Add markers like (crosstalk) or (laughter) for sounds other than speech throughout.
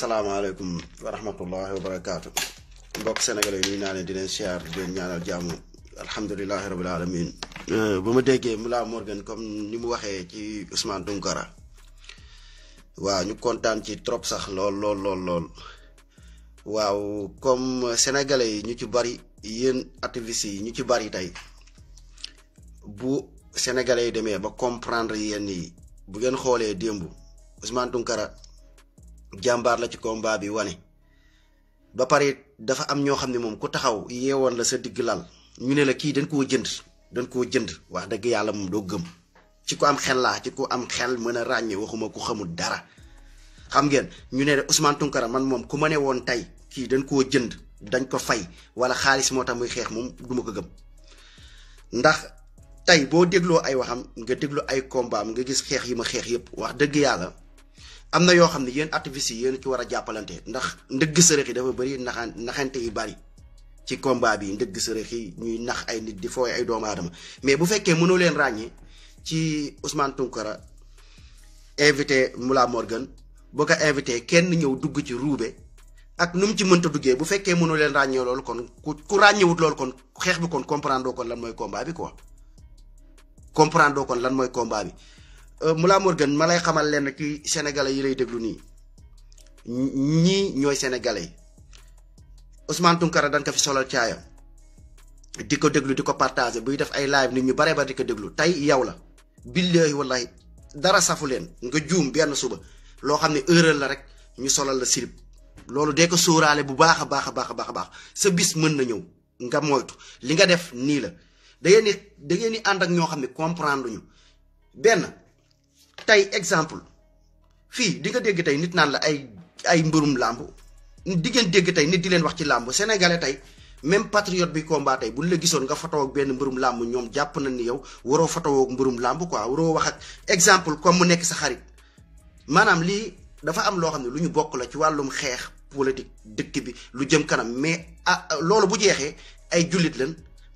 Assalamualaikum wa rahmatullahi wa Senegal mbokk sénégalais yi nuyu di len xiar di leen ñaanal jàmm alhamdulilahi rabbil alamin euh, bu ma déggee Mollah Morgun comme ni mu waxé ci Ousmane dunkara wa ñu contane ci trop sax lol lol lol lol waaw comme sénégalais ñu ci bari yeen activiste yi ñu ci bari tay bu sénégalais yi demee ba comprendre yenn yi bu ngeen xoolee démb Ousmane dunkara jàmbaar la ci combat bi wane ba pare dafa am ñoo xam ne moom ku taxaw yeewoon la sa digg lal ñu ne la kii dañ koo jënd dañ koo jënd wax dëgg yàlla moom doo gëm ci ku am xel laa ci ku am xel mën a ràññee waxuma ku xamul dara xam ngeen ñu ne Ousmane Tounkara man moom ku ma woon tey kii dañ koo jënd dañ ko fay wala xaalis moo tax muy xeex moom duma ko gëm ndax tey boo dégloo ay waxam nga déglu ay combat am nga gis xeex yi ma xeex yëpp wax dëgg yàlla am na yoo xam ne yéen activistes yi yéen ci war a jàppalante ndax ndëgg sërëx yi dafa bëri naxaan naxante yu bari ci combat bi ndëgg sërëx yi ñuy nax ay nit di fooy ay doomu aadama mais bu fekkee mënoo leen ràññee ci Ousmane Tounkara invité Moula Morgan boo ko invité kenn ñëw dugg ci ruube ak nu mu ci mënta duggee bu fekkee mënoo leen ràññee loolu kon ku ku ràññewut loolu kon xeex bi kon comprendre kon lan mooy combat bi quoi comprendre kon lan mooy combat bi Euh, mula Morgan malay xamal len ki sénégalais yi lay déglu ni ñi ñoy sénégalais Ousmane Tunkara dan ko fi solal caayam di déglu partager buy def ay live nit ñu bare ba diko ko déglu tey yow la billahi wallahi dara safu len nga joom ben suba lo xamni heureul la rek ñu solo la silib lolu de ko sóoraale bu baakha baakha baakha baakha baax sa bis meun na ñew nga moytu li nga def ni la da ngay ni da ngay ni and ak ño xamni comprendre ñu ben tey exemple fii di nga dégg tey nit naan la ay ay mbërum làmb diggeen dégg tey nit di leen wax ci làmb sénégalais tey même patriote bi combat bu ñu la gisoon nga photo benn mbirum làmb ñoom jàpp nañ ni yow waroo photo ak làmb ko waroo wax ak exemple comme mu nekk sa xarit maanaam lii dafa am loo xam ne lu ñu bokk la ci wàllum xeex politique dëkk bi lu jëm kanam mais ah loolu bu jeexee ay jullit lañ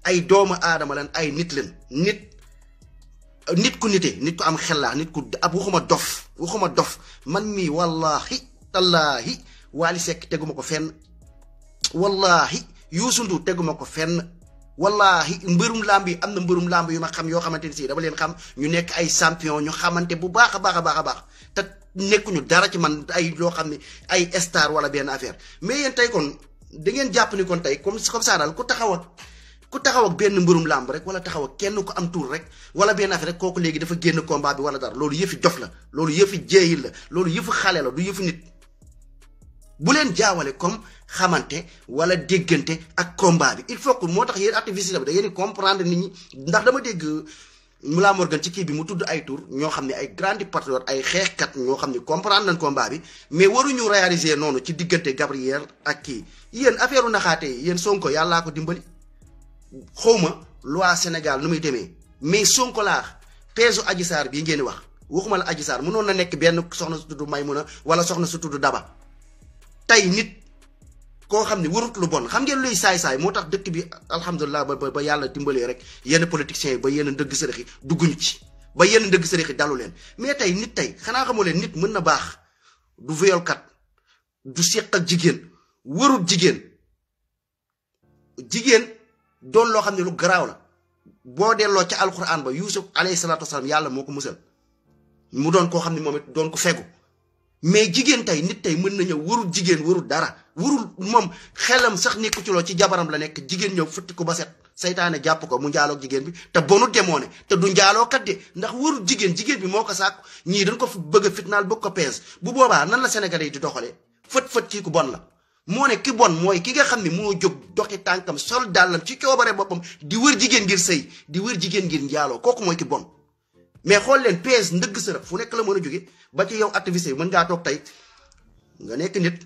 ay doomu aadama lañ ay nit lañ nit. nit ku nite nit ku am xel laa nit ku ab waxuma dof waxuma dof man mii wallaahi tallaahi Waly Seck teguma ko fenn wallaahi Youssou Ndour teguma ko fenn wallaahi mbërum làmb yi am na mbërum làmb yu ma xam yoo xamante ni si dafa leen xam ñu nekk ay champion ñu xamante bu baax a baax a baax a baax te nekkuñu dara ci man ay loo xam ne ay star wala benn affaire mais yéen tey kon da ngeen jàpp ni kon tey comme comme ça daal ku taxaw ku taxaw ak benn mbërum làmb rek wala taxaw ak kenn ku am tuur rek wala benn affaire rek kooku léegi dafa génn combat bi wala dara loolu yëfi dof la loolu yëfi jéeyil la loolu yëfu xale la du yëfu nit bu leen jaawale comme xamante wala déggante ak combat bi il faut que moo tax yéen activiste la bi da ngeen comprendre nit ñi ndax dama dégg Mollah Morgun ci kii bi mu tudd ay tour ñoo xam ne ay grande patriote ay xeexkat ñoo xam ne comprendre nañ combat bi mais waruñu réaliser noonu ci diggante Gabriel ak kii yéen affaire u naxaate yi yéen Sonko ko dimbali xawma loi Sénégal nu muy demee mais Sonko laax peesu Adji Sarr bii ngeen di wax waxuma la Adji Sarr mënoon na nekk benn soxna su tudd Maymuna wala soxna su tudd Daba tey nit koo xam ne warut lu xam ngeen luy saay-saay moo tax dëkk bi alhamdulilah ba ba yàlla dimbalee rek yenn politiciens yi ba yenn ndëgg sërëx yi dugguñu ci ba yenn ndëgg sërëx yi dalu leen mais tey nit tey xanaa xamoo leen nit mën na baax du violkat du seq ak jigéen warut jigéen jigéen doon loo xam ne lu garaaw la boo delloo ca alquran ba yusuf alayhi salaatu wasalaam yàlla moo ko musal mu doon koo xam ne moom it doon ko fegu mais jigéen tey nit tey mën na ñëw warul jigéen warul dara warul moom xelam sax nekku ci loo ci jabaram la nekk jigéen ñëw futti ko ba set saytaane jàpp ko mu njaaloog jigéen bi te bonu demoone te du kat de ndax warul jigéen jigéen bi moo ko sàkku ñii dañ ko bëgg a fitnaal bëgg ko pees bu boobaa nan la Sénégalais yi di doxalee fët fët kii la moo ne ki bon mooy ki nga xam ne moo jóg doxi tànkam sol dàllam ci coobare boppam di wër jigéen ngir sëy di wër jigéen ngir njaaloo kooku mooy ki bon mais xool leen PS ndëgg sërëf fu nekk la mën a jóge ba ci yow activiste bi mën ngaa toog tey nga nekk nit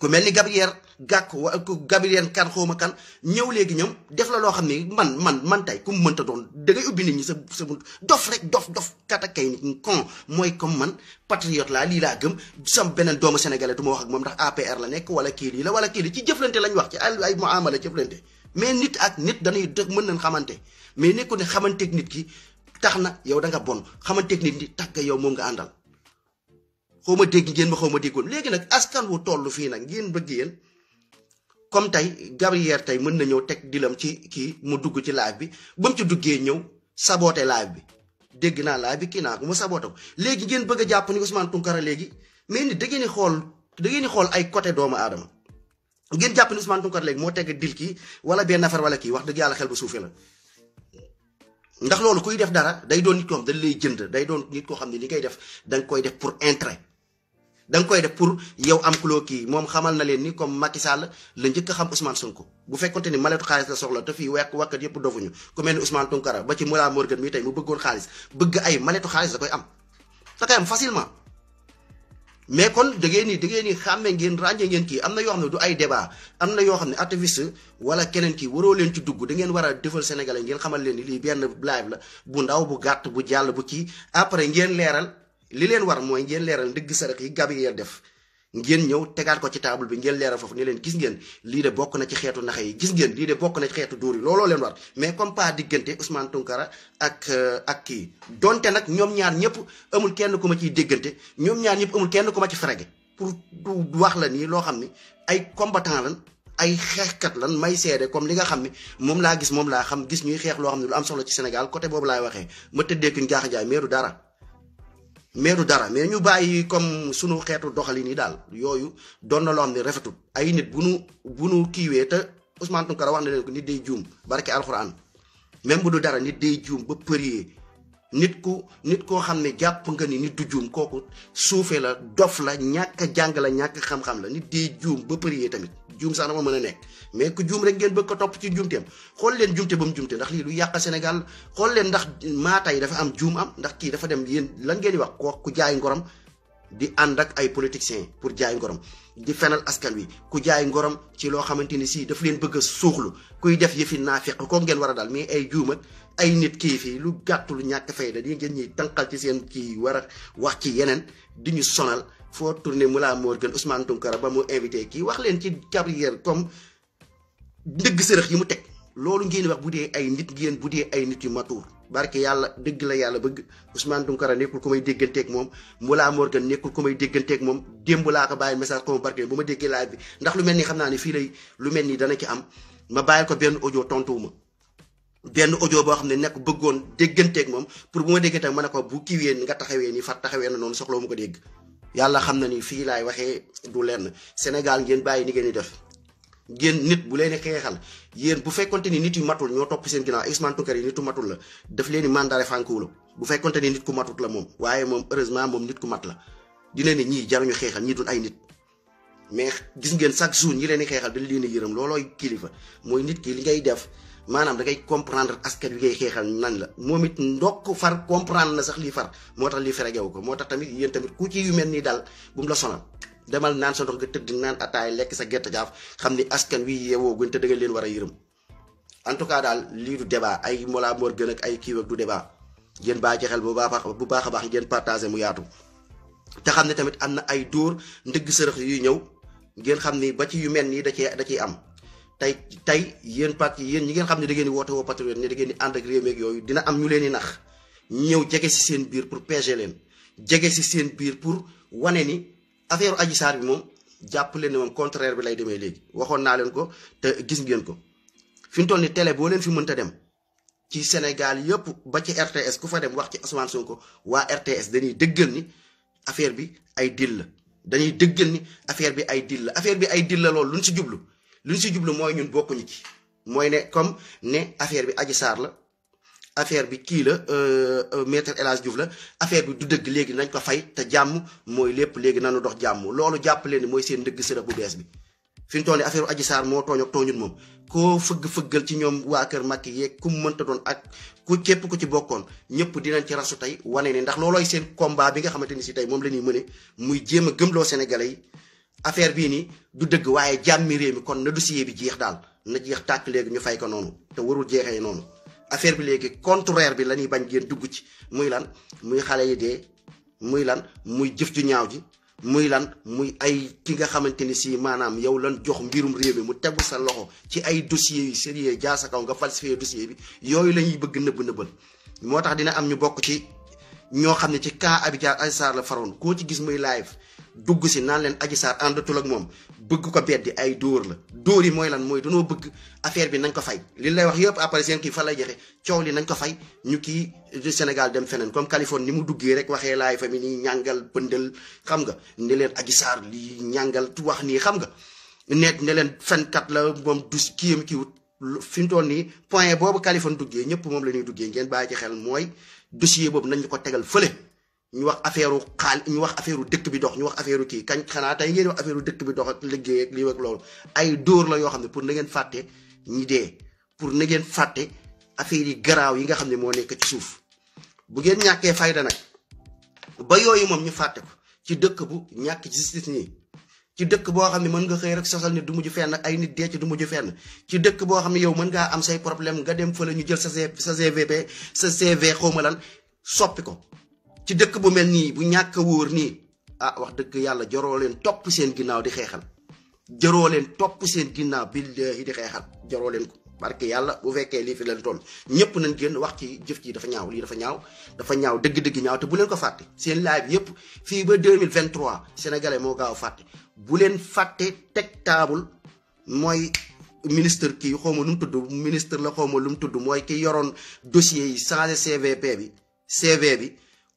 ku mel ni Gabriel Gàkk wa Gabriel kan xawma kan ñëw léegi ñoom def la loo xam ne man man man tey ku mu mënta doon dangay ubbi nit ñi sa sa dof rek dof dof katakay nit kon mooy comme man patriote laa lii laa gëm sam beneen doomu sénégalais du ma ak moom ndax APR la nekk wala kii lii la wala kii lii ci jëflante lañ wax ci ay muamala jëflante mais nit ak nit dañuy dëkk mën nañ xamante mais nekku ne xamanteeg nit ki tax na yow da nga bon xamanteeg nit ki tax nga yow moom nga àndal xaw ma dégg ngeen ma xaw ma déggoon léegi nag askan wu toll fii nag ngeen bëgg yéen comme tey Gabriel tey mën na ñëw teg dilam ci kii mu dugg ci live bi ba mu ci duggee ñëw saboote live bi dégg naa live bi kii naa ko mu saboté ko léegi ngeen bëgg a jàpp ni Ousmane Tounkara léegi mais ni di xool da ngeen di xool ay côté doomu aadama ngeen jàpp ni Ousmane Tounkara léegi moo teg dil kii wala benn affaire wala kii wax dëgg yàlla xel bu suufee la ndax loolu kuy def dara day doon nit koo xam dañ lay jënd day doon nit koo xam ne li ngay def danga koy def pour intérêt dang koy def pour yow am kulo ki mom xamal na len ni comme Macky Sall le ñëk xam Ousmane Sonko bu fekkonté ni maletu xaliss la soxla te fi wék wakat yépp dofuñu ku melni Ousmane Tunkara ba ci Moula Morgan mi tay mu bëggoon xaliss bëgg ay maletu xaliss da koy am da koy am facilement mais kon dege ni dege ni xamé ngeen rañé ngeen ki am yo xamné du ay débat amna yo xamné activiste wala kenen ki waroo len ci dugg da ngeen wara defal sénégalais ngeen xamal len ni li live la bu ndaw bu gatt bu jall bu ki après ngeen léral li leen war mooy ngeen leeral ndëgg sarax yi Gabriel def ngeen ñëw tegaat ko ci table bi ngeen leeral foofu ne leen gis ngeen lii de bokk na ci xeetu naxe yi gis ngeen lii de bokk na ci xeetu dóor yi looloo leen war mais comme pas diggante Ousmane Tounkara ak euh, ak kii donte nag ñoom ñaar ñëpp amul kenn ku ma ciy déggante ñoom ñaar ñëpp amul kenn ku ma ci frage pour du wax la nii loo xam ni ay combattant lan ay xeexkat lan may seede comme li nga xam ni moom laa gis moom laa xam gis ñuy xeex loo xam ne lu am solo ci Sénégal côté boobu laay waxee ma tëddee kuñ jaaxa jaay meeru dara mais du dara mais ñu bàyyi comme sunu xeetu doxalin yi daal yooyu doon na loo xam ne rafetul ay nit bu nu bu nu kiiwee te Ousmane Tounkara wax na leen ko nit day juum barke alxuraan même bu du dara nit day juum ba përiyee nit ku nit koo xam ne jàpp nga ni nit du juum kooku suufee la dof la ñàkk a jàng la ñàkk xam-xam la nit day juum ba përiyee tamit juum sax na dama mën a nekk. mais ku juum rek ngeen bëgg ko topp ci juumteem xol leen juumte bam mu ndax li lu yaq senegal xol leen ndax tay dafa am juum am ndax ki dafa dem yeen lan ngeen di wax ko ku jaay ngorom di andak ay politiciens pour jaay ngorom di fenal askan wi ku jaay ngorom ci lo xamanteni si daf leen bëgg soxlu kuy def yefi nafiq ko ngeen wara dal mais ay juum ak ay nit ki fi lu gàtt lu ñak fay da ngeen ñi tankal ci seen ki wara wax ci yenen di ñu sonal fo tourner Moula Morgan Ousmane tonkara ba mo inviter ki wax leen ci carrière comme ndëgg sërëx yi mu teg loolu ngeen wax bu dee ay nit ngeen bu dee ay nit yu matuur barke yàlla dëgg la yàlla bëgg Ousmane Tounkara nekkul ku may dégganteeg moom Moula Morgan nekkul ku may dégganteeg moom démb laa ko bàyyi message ko barke bu ma déggee laaj bi ndax lu mel ni xam naa ne fii lay lu mel ni dana ci am ma bàyyi ko benn audio tontuwuma benn audio boo xam ne nekk bëggoon dégganteeg moom pour bu ma dégganteeg ma ne ko bu kiiwee nga taxawee nii far taxawee na noonu soxla mu ko dégg yàlla xam na ni fii laay waxee du lenn Sénégal ngeen bàyyi ni ngeen di def yéen nit bu leen xeexal yéen bu fekkonte ni nit yu matul ñoo topp seen ginnaaw Ousmane Tounkara yi nit matul la daf leen di mandare fànkuwula bu fekkonte ni nit ku matut la moom waaye moom heureusement moom nit ku mat la dina ne ñi jaruñu xeexal ñii duñ ay nit mais gis ngeen chaque jour ñi leen di xeexal dañ leen a yërëm loolooy kilifa mooy nit ki ngay def maanaam da ngay comprendre askan wi ngay xeexal nañ la moom it ndokk far comprendre na sax lii far moo tax lii feregewu ko moo tax tamit yéen tamit ku ci yu mel nii daal bu la sonal demal nan sa ndox nga tëdd naan ataay lekk sa gerte jaaf xamni askan wi yeewoo guñ te da nga leen war a en tout cas dal li du débat ay mola mor gën ak ay ki wak du débat gën ba ci xel bu baax bu baax baax gën partager mu yaatu te xamni tamit amna ay dóor ndëgg seurex yu ñew gën xamni ba ci yu mel nii da ci da ci am tay tay yeen pat yeen ñi ngeen xamni da ngeen di woote wo patriote ni da ngeen di and ak rew meek yoy dina am ñu leen ni nax ñew jege ci seen biir pour pégé leen jege ci seen biir pour wané ni affaire aji saar bi moom jàpp leen ne moom contraire bi lay demee léegi waxoon naa leen ko te gis ngeen ko fi mu toll ni télé boo leen fi mënta dem ci Sénégal yëpp ba ci RTS ku fa wax ci Ousmane Sonko waa RTS dañuy dëggal ni affaire bi ay dil la dañuy dëggal ni affaire bi ay dil la affaire bi ay dil la loolu si jublu lu luñ si jublu mooy ñun bokkuñu ci mooy ne comme ne affaire bi aji saar la affaire bi kii la euh, euh, maître El Hadj la affaire bi du dëgg léegi nañ ko fay te jàmm mooy lépp léegi nanu dox jàmm loolu jàpp leen ni mooy seen ndëgg sërëx bu bees bi fi mu toll nii affaire Adji moo tooñ ak tooñut moom koo fëgg-fëggal ci ñoom waa kër Macky yeeg ku mu mënta doon ak ku képp ku ci bokkoon ñëpp dinañ ci rasu tey wane ne ndax loolooy seen combat bi nga xamante ni si tey moom la ñuy mëne muy jéem a gëmloo Sénégalais yi affaire bii nii du dëgg waaye jàmmi réew mi kon na dossier bi jeex daal na jeex tàkk léegi ñu fay ko noonu te warul jeexee noonu affaire bi léegi contraire bi lañuy bañ ngeen dugg ci muy lan muy xale yi de muy lan muy jëf ju ñaaw ji muy lan muy ay ki nga xamante ni si maanaam yow lan jox mbirum réew mi mu tegu sa loxo ci ay dossiers yu sérieux jaa sa kaw nga falsifié dossier bi yooyu la ñuy bëgg nëbb nëbbal moo tax dina am ñu bokk ci ñoo xam ne ci cas Adji Sarr la faroon koo ci gis muy live dugg si naan leen Adji Sarr àndatul ak moom bëgg ko beddi ay dóor la dóor yi mooy lan mooy danoo bëgg affaire bi nañ ko fay li lay wax yëpp après seen kii fa lay joxe coow li nañ ko fay ñu kii Sénégal dem feneen comme Californie ni mu duggee rek waxee laay fa mi nii ñàngal bëndal xam nga ne leen Adji Sarr ñàngal tu nii xam nga net ne leen fenkat la moom du kiyam kiiwut fi mu toll nii point boobu Californie duggee ñëpp moom la ñuy duggee ngeen baa ci xel mooy dossier boobu nañ ko tegal fële ñu wax affaire xaal ñu wax affaire u dëkk bi dox ñu wax affaire kii kañ xanaa tey ngeen wax affaire u dëkk bi dox ak liggéey ak lii ak loolu ay dóor la yoo xam ne pour na ngeen fàtte ñi dee pour na ngeen fàtte affaire yi garaaw yi nga xam ne moo nekk ci suuf bu ngeen ñàkkee fayda nag ba yooyu moom ñu fàtte ko ci dëkk bu ñàkk justice ñi ci dëkk boo xam ne mën nga xëy rek sosal nit du mujj fenn ay nit dee ci du mujj fenn ci dëkk boo xam ne yow mën ngaa am say problème nga dem fële ñu jël sa sa CVP sa CV xawma soppi ko ci dëkk bu mel nii bu ñàkk wóor nii ah wax dëgg yàlla joroo leen topp seen ginnaaw di xeexal joroo leen topp seen ginnaaw billahi di xeexal joroo leen ko barke yàlla bu fekkee lii fi leen toll ñëpp nañ génn wax ci jëf ji dafa ñaaw lii dafa ñaaw dafa ñaaw dëgg-dëgg ñaaw te bu leen ko fàtte seen live yëpp fii ba 2023 sénégalais moo gaaw fàtte bu leen fàtte teg table mooy ministre kii xawma lu mu tudd ministre la xawma lu mu tudd mooy ki yoroon dossier yi changé CVP bi CV bi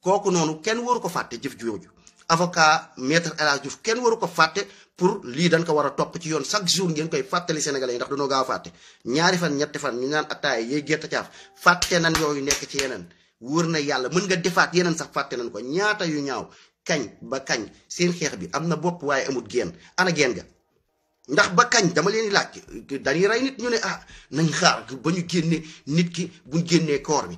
kooku noonu kenn waru ko fàtte jëf jooju avocat maître El Hadj Diouf kenn waru ko fàtte pour lii dañ ko war a topp ci yoon chaque jour ngeen koy fàttali sénégalais yi ndax dañoo gaaw fàtte ñaari fan ñetti fan ñu naan attaay yooyu gerte caaf fàtte nan yooyu nekk ci yeneen wóor na yàlla mën nga defaat yeneen sax fàtte nan ko ñaata yu ñaaw kañ ba kañ seen xeex bi am na bopp waaye amut geen ana geen ga ndax ba kañ dama leen di laaj dañuy rey nit ñu ne ah nañ xaar ba ñu génne nit ki bu génnee koor bi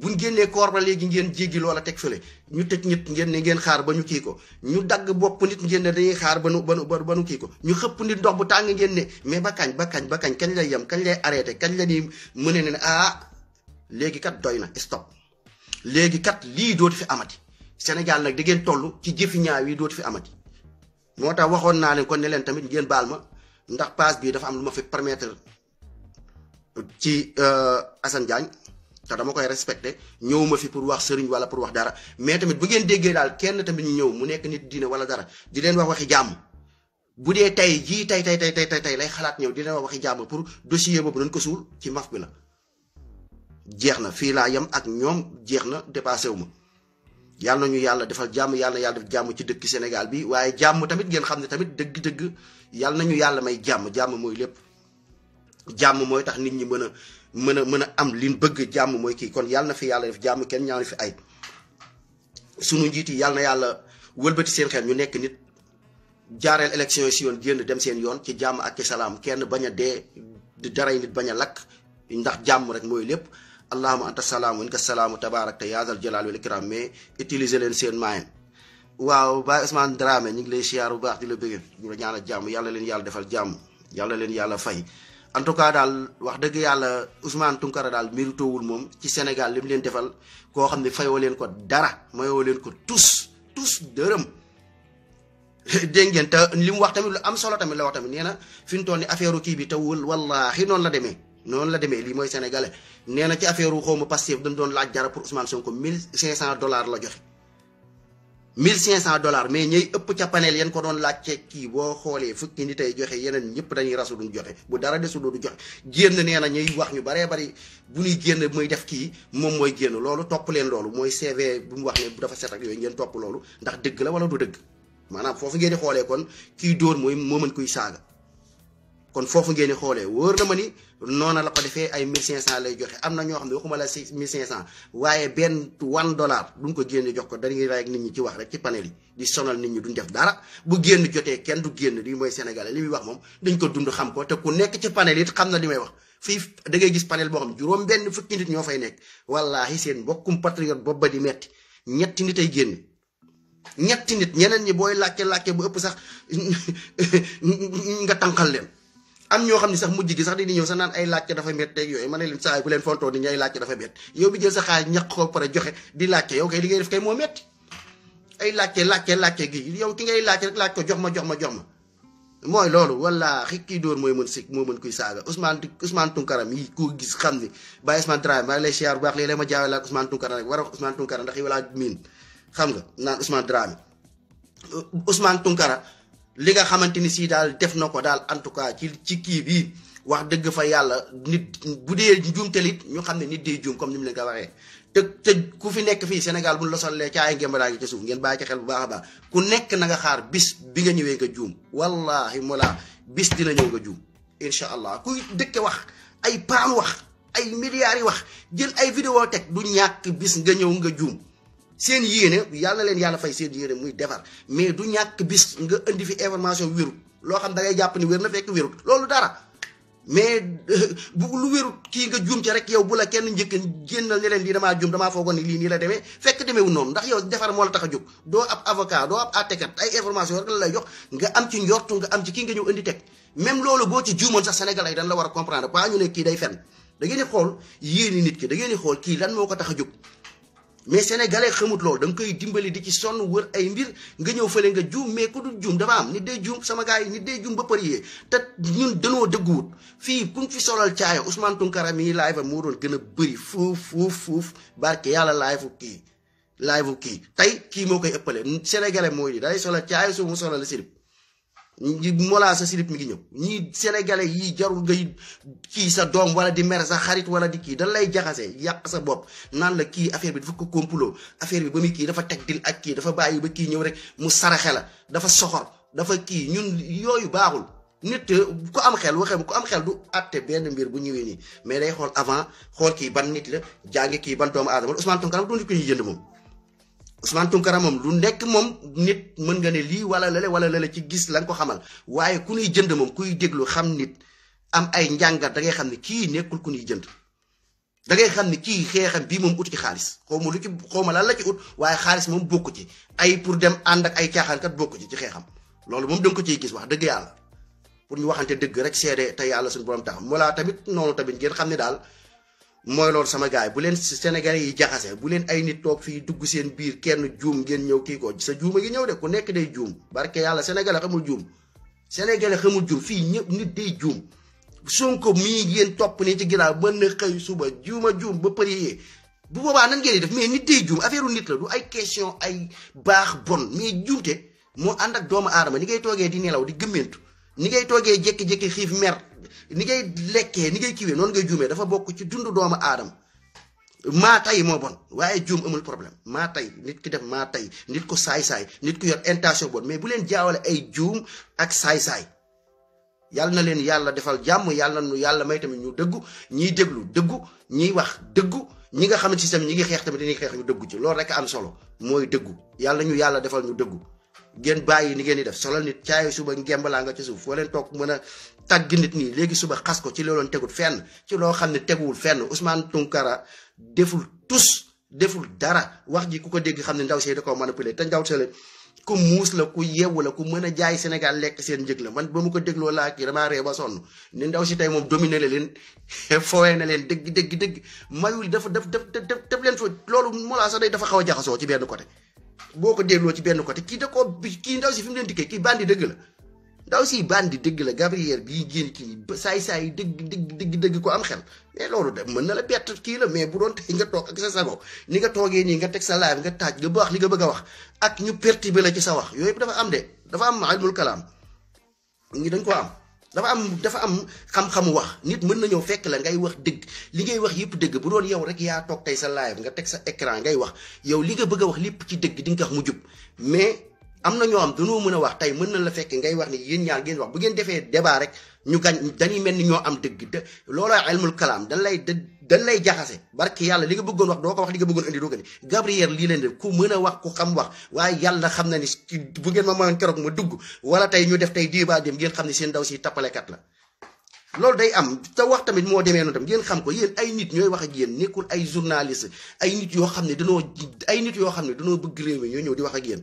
buñ génnee koor ba léegi ngeen jéegi jéggi loola teg fële ñu tëj nit ngeen ne ngeen xaar ba ñu kii ko ñu dagg bopp nit ngeen ne dañuy xaar ba nu ba nu ba nu kii ko ñu xëpp nit ndox bu tàng ngeen ne mais ba kañ ba kañ ba kañ kañ lay yem kañ lay arrêté kañ la ñuy mën ne ne ah léegi kat doy na stop léegi kat lii dootu fi amati Sénégal nag da ngeen toll ci jëfi ñaaw yi dootu fi amati. motax waxon na len kon ne len tamit ngeen balma ndax pass bi dafa am luma fi permettre ci euh Assane Diagne ta dama koy respecter ñewuma fi pour wax serigne wala pour wax dara mais tamit bu ngeen déggé dal kenn tamit ñu ñew mu nekk nit diine wala dara di len wax waxi jamm bu tay ji tay tay tay tay tay tay lay xalat ñew di len wax waxi jamm pour dossier bobu dañ ko sul ci maf bi la jeexna fi la yam ak ñom jeexna dépasser wuma yàlla nañu yàlla defal jàmm yàlla yàlla def jàmm ci dëkk Sénégal bi waaye jàmm tamit ngeen xam ne tamit dëgg-dëgg yàlla nañu yàlla may jàmm jàmm mooy lépp jàmm mooy tax nit ñi mën a mën a mën a am liñ bëgg jàmm mooy kii kon yàlla na fi yàlla def jàmm kenn ñaan fi ay sunu njiit yàlla na yàlla wëlbati seen ñu nekk nit jaareel élection yi si yoon génn dem seen yoon ci jàmm ak ci salaam kenn bañ a dee daray nit bañ a lakk ndax jàmm rek mooy lépp allahuma anta salaam wa minka salaamu tabaarakta yaa zal jalaal wal ikram mais utiliser leen seen moyen waaw Baye Ousmane Dramé ñu ngi lay siyaar bu baax di la bëgge ñu la ñaanal jàmm yàlla leen yàlla defal jàmm yàlla leen yàlla fay en tout cas daal wax dëgg yàlla Ousmane Tounkara daal wul moom ci Sénégal li leen defal koo xam ne fayoo leen ko dara mayoo leen ko tous tous dërëm (laughs) dégg ngeen te li mu wax tamit lu am solo tamit la wax tamit nee na fi mu toll ni affaire kii bi te wul wallaahi noonu la demee noonu la demee lii mooy sénégalais nee na ci affaire xaw ma Pastef dañ doon laaj jara pour Ousmane Sonko mille cinq cent dollars la joxe mille cinq cent dollars mais ñey ëpp ca panel yan ko doon laaj ci kii boo xoolee fukki nit ay joxe yeneen ñëpp dañuy rasu duñ joxe bu dara desu du joxe génn nee na ñuy wax ñu baree bari bu ñuy génn muy def kii moom mooy génn loolu topp leen loolu mooy CV bu mu wax ne bu dafa set ak yooyu ngeen topp loolu ndax dëgg la wala du dëgg maanaam foofu ngeen di xoolee kon kii dóor mooy moo mën kuy saaga kon foofu ngeen di xoolee wóor na ma ni noona la ko defee ay 1500 lay joxe am na ñoo xam ne waxuma la 1500 waaye benn one dollar duñ ko génne jox ko dañuy raay ak nit ñi ci wax rek ci panel di sonal nit ñi duñ def dara bu génn jotee kenn du génn lii mooy sénégalais li muy wax moom dañ ko dund xam ko te ku nekk xam na li wax fii da ngay gis panel boo xam juróom benn fukki nit ñoo fay nekk wallaahi seen mbokkum patriote boobu ba di metti ñetti nit ay génn ñetti nit ñeneen ñi booy làkke làkke bu ëpp sax (laughs) nga tànqal leen am ñoo xamni sax mujj gi sax di ñew sa naan ay laacc dafa metté ak yoy mané leen saay bu leen fonto ni ñay laacc dafa met yow bi jël sa xaar ñak ko paré joxé di laacc yow kay li ngay def kay mo metti ay laacc laacc laacc gi yow ki ngay laacc rek laacc ko jox ma jox ma jox ma moy lolu wala xikki door moy mën sik mo mën kuy saga ousmane ousmane tunkara mi ko gis xamni ni ousmane drame ba lay xiar baax ma jaawé la ousmane tunkara rek war ousmane tunkara ndax yi wala min xam nga naan ousmane drame ousmane tunkara li nga xamante ni si daal def na ko daal en tout cas ci ci kii bi wax dëgg fa yàlla nit bu dee juumtalit ñu xam ne nit day juum comme ni mu leen ko waxee te te ku fi nekk fii Sénégal bu ñu losalee ca ay ngembaraay gi ci suuf ngeen bàyyi ci xel bu baax baax ku nekk na nga xaar bis bi nga ñëwee nga juum wallahi mola bis dina ñëw nga juum incha allah kuy dëkke wax ay paan wax ay milliards yi wax jël ay vidéo teg du ñàkk bis nga ñëw nga juum seen yéene yàlla leen yàlla fay seen yéene muy defar mais du ñàkk bis nga indi fi information wérut loo xam da ngay jàpp ni wér na fekk wérut loolu dara mais (laughs) bu lu wérut kii nga juum ci rek bu la kenn njëkk génnal ne leen lii damaa juum damaa foogoon ni lii la demee fekk demeewu noonu ndax yow defar moo la tax a jóg doo ab avocat doo ab àttekat ay information rek la lay jox nga am ci njortu nga am ci kii nga ñëw indi teg même loolu boo ci juumoon sax Sénégal ay dañ la war a comprendre pas ñu ne kii day fenn da ngeen di xool yéeni nit ki da ngeen di xool kii lan moo ko tax a jóg mais sénégalais xamut loolu da koy dimbali di ci sonn wër ay mbir nga ñëw fële nga juum mais ku dul juum dafa am nit de juum sama gars yi nit de juum ba parier te ñun dañoo dëgguwut fii ku fi solal caaya Ousmane Tounkara mii laay fa moo doon gën a bëri fuuf fuuf fuuf barke yàlla laay fu kii laay fu kii tey kii moo koy ëppale sénégalais mooy di day solal caaya su mu solal sirib Mollah sa slip mi ngi ñëw ñii sénégalais yii jarul ngay kii sa doom wala di mer sa xarit wala di kii dan lay jaxase yàq sa bopp naan la kii affaire bi dafa ko complot affaire bi ba muy kii dafa teg dil ak kii dafa bàyyi ba kii ñëw rek mu saraxe la dafa soxor dafa kii ñun yooyu baaxul nit ku am xel waxee ku am xel du atte benn mbir bu ñëwee nii mais day xool avant xool kii ban nit la jàngi kii ba doomu aadama Ousmane Tounkara du nit ko ñuy jënd moom Ousmane Tounkara moom lu nekk moom nit mën nga ne lii wala lale wala lale ci gis lan nga ko xamal waaye ku nuy jënd moom kuy déglu xam nit am ay njàngat dangay xam ne kii nekkul ku ñuy jënd. da ngay xam ni kii xeexam bii moom ut ci xaalis xaw ma lu ci xaw ma lan la ci ut waaye xaalis moom bokku ci ay pour dem ànd ak ay caaxaankat bokku ci ci xeexam loolu moom da ko ciy gis wax dëgg yàlla pour ñu waxante dëgg rek seede te yàlla suñu borom tax wala tamit noonu tamit ngeen xam ne daal. mooy loolu sama gars bu leen Sénégalais yi jaxasee bu leen ay nit toog fii dugg seen biir kenn juum ngeen ñëw kii ko sa juuma gi ñëw de ku nekk day juum barke yàlla Sénégalais xamul juum Sénégalais xamul juum fii ñëpp nit day juum Sonko mii ngeen topp nii ci ginnaaw mën na xëy suba juuma juum ba përi bu boobaa nan ngeen di def mais nit day juum affaire nit la du ay question ay baax bon mais juumte moo ànd ak doomu aadama ni ngay toogee di nelaw di gëmmentu ni ngay toogee jékki-jékki xiif ni ngay lekkee ni ngay kiwee noonu ngay juumee dafa bokk ci dundu doomu aadama maa tay moo bon waaye juum amul problème maa tay nit ki def maa tay nit ko saay-saay nit ku yor intention bon mais bu leen jaawale ay juum ak saay-saay yàlla na leen yàlla defal jàmm yàlla nu yàlla may tamit ñu dëggu ñiy déglu dëggu ñiy wax dëggu ñi nga xamante ci tamit ñi ngi xeex tamit dañuy xeex ñu dëggu ci loolu rek am solo mooy dëggu yàlla ñu yàlla defal ñu dëggu ngeen bàyyi ni ngeen di def solal nit caayo suba ngembalaa nga ci suuf foo leen toog mën a tàgg nit nii léegi suba xas ko ci looloon tegut fenn ci loo xam ne teguwul fenn Ousmane Tounkara deful tus deful dara wax ji ku ko dégg xam ne ndaw see da koo manipuler te ndaw see ku muus la ku yeewu ku mën a jaay Sénégal lekk seen njëg la man ba mu ko dégloo laa kii damaa ree ba sonn ni ndaw si tey moom dominé la leen (laughs) fowee na leen dëgg dëgg dëgg mayul dafa daf daf daf leen fa loolu moo laa sax day dafa xaw a jaxasoo ci benn côté boo ko delloo ci benn côté kii da koo kii ndaw si fi mu leen dikkee kii bandi dëgg la ndaw si bandi dëgg la Gabriel bii génn kii saay-saay dëgg dëgg dëgg dëgg ko am xel mais loolu de mën na la bett kii la mais bu doon tey nga toog ak sa sago ni nga toogee nii nga teg sa laaj nga taaj nga baax li nga bëgg a wax ak ñu perti perturbé la ci sa wax yooyu dafa am de dafa am ilmul kalaam ñi dañ ko am dafa am dafa am xam-xamu wax nit mën na ñëw fekk la ngay wax dëgg li ngay wax yëpp dëgg bu doon yow rek yaa toog tey sa live nga teg sa ecran ngay wax yow li nga bëgg a wax lépp ci dëgg di nga mu jub mais am na ñoo xam dañoo mën a wax tey mën na la fekk ngay wax ni yéen ñaar ngeen wax bu ngeen defee débat rek ñu gañ dañuy mel ni ñoo am dëgg de looloo ilmul kalaam dañ lay dañ lay jaxase barki yàlla li nga bëggoon wax doo ko wax li nga bëggoon indi doo ko indi Gabriel lii leen def ku mën a wax ku xam wax waaye yàlla xam na ni bu ngeen ma mayoon keroog ma dugg wala tey ñu def tey débat dem ngeen xam ne seen ndaw si tappalekat la loolu day am te wax tamit moo demee noonu tam ngeen xam ko yéen ay nit ñooy wax a yéen nekkul ay journaliste ay nit yoo xam ne danoo ay nit yoo xam ne danoo bëgg réew ñoo ñëw di wax ak yéen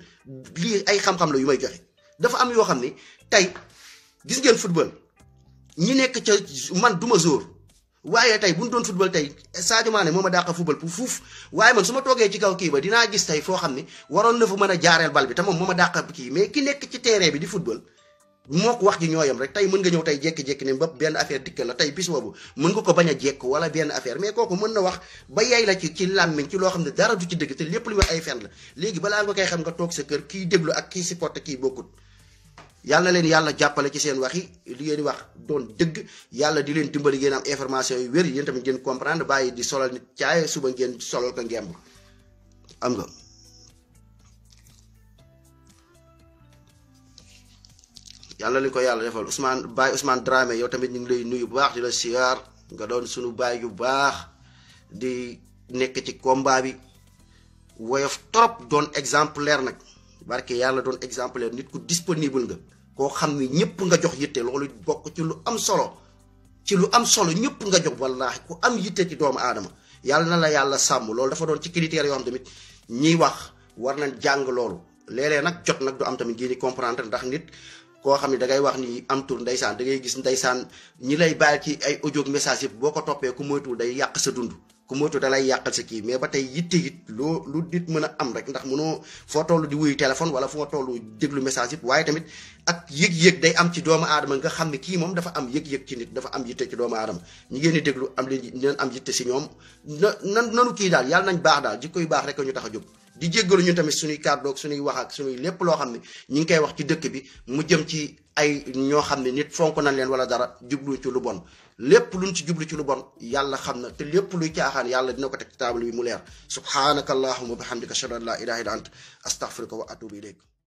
lii ay xam la yu may joxe dafa am yoo xam ne tey gis ngeen football ñi nekk ca man du ma jour waaye tey bu ñu doon football tey Sadio Mané moo ma dàqa football pour fuuf waaye man su toogee ci kaw kii ba dinaa gis tey foo xam ne waroon na fa mën a jaareel bal bi te moom moo ma dàqa kii mais ki nekk ci terrain bi di football moko wax ji ñoyam rek tay mën nga ñew tay jekki jekki ne mbëpp ben affaire dikkal nah, la tay bis bobu mën nga ko baña a wala ben affaire mais koku mën na wax ba yay la ci ci lamine ci lo xamne dara du ci deug te lepp lu wax ay fenn la léegi bala nga koy xam nga tok sa kër ki deglu ak ki supporte ki bokut yalla leen yalla jappale ci seen wax yi li ngeen wax doon deug yalla di leen dimbali ngeen am information yu wér yeen tamit ngeen comprendre bàyyi di solal nit caaye suba ngeen solal ko ngemb am nga yalla liko yalla defal Ousmane Baye Ousmane Dramé yow tamit ñing lay nuyu bu baax di la siyaar nga doon sunu baye yu baax di nek ci combat bi woyof trop doon exemplaire nak barké yalla doon exemplaire nit ku disponible nga ko xamni ñepp nga jox yitté lolu bok ci lu am solo ci lu am solo ñepp nga jox wallahi ku am yitté ci doomu adam yalla na la yalla sam lolu dafa doon ci critère yo xam tamit ñi wax war nañ jang lolu lélé nak jot nak du am tamit gi ni comprendre ndax nit koo xam ne da ngay wax ni am tur ndeysaan da ngay gis ndeysaan ñi lay bàyyi ci ay audio message yëpp boo ko toppee ku moytuwul day yàq sa dund ku moytu da lay yàqal sa kii mais ba tey yitte it loo lu nit mën a am rek ndax mënoo foo toll di wuyu téléphone wala foo tollu déglu message yëpp waaye tamit ak yëg-yëg day am ci doomu aadama nga xam ne kii moom dafa am yëg-yëg ci nit dafa am yitte ci doomu aadama ñi ngeen di déglu am leen neen am yitte si ñoom na nan nanu kii daal yàlla nañ baax daal jikko yu baax rek ñu tax a jóg di jéggalu ñun tamit suñuy su suñuy wax ak suñuy lépp loo xam ne ñu ngi koy wax ci dëkk bi mu jëm ci ay ñoo xam ne nit fonk nañ leen wala dara jublu ci lu bon lépp luñ ci jublu ci lu bon yàlla xam na te lépp luy caaxaan yàlla dina ko teg ci table bi mu leer subhanaka allahuma bihamdika ashhadu an la ilaha illa ant astaghfiruka wa atubu ilayk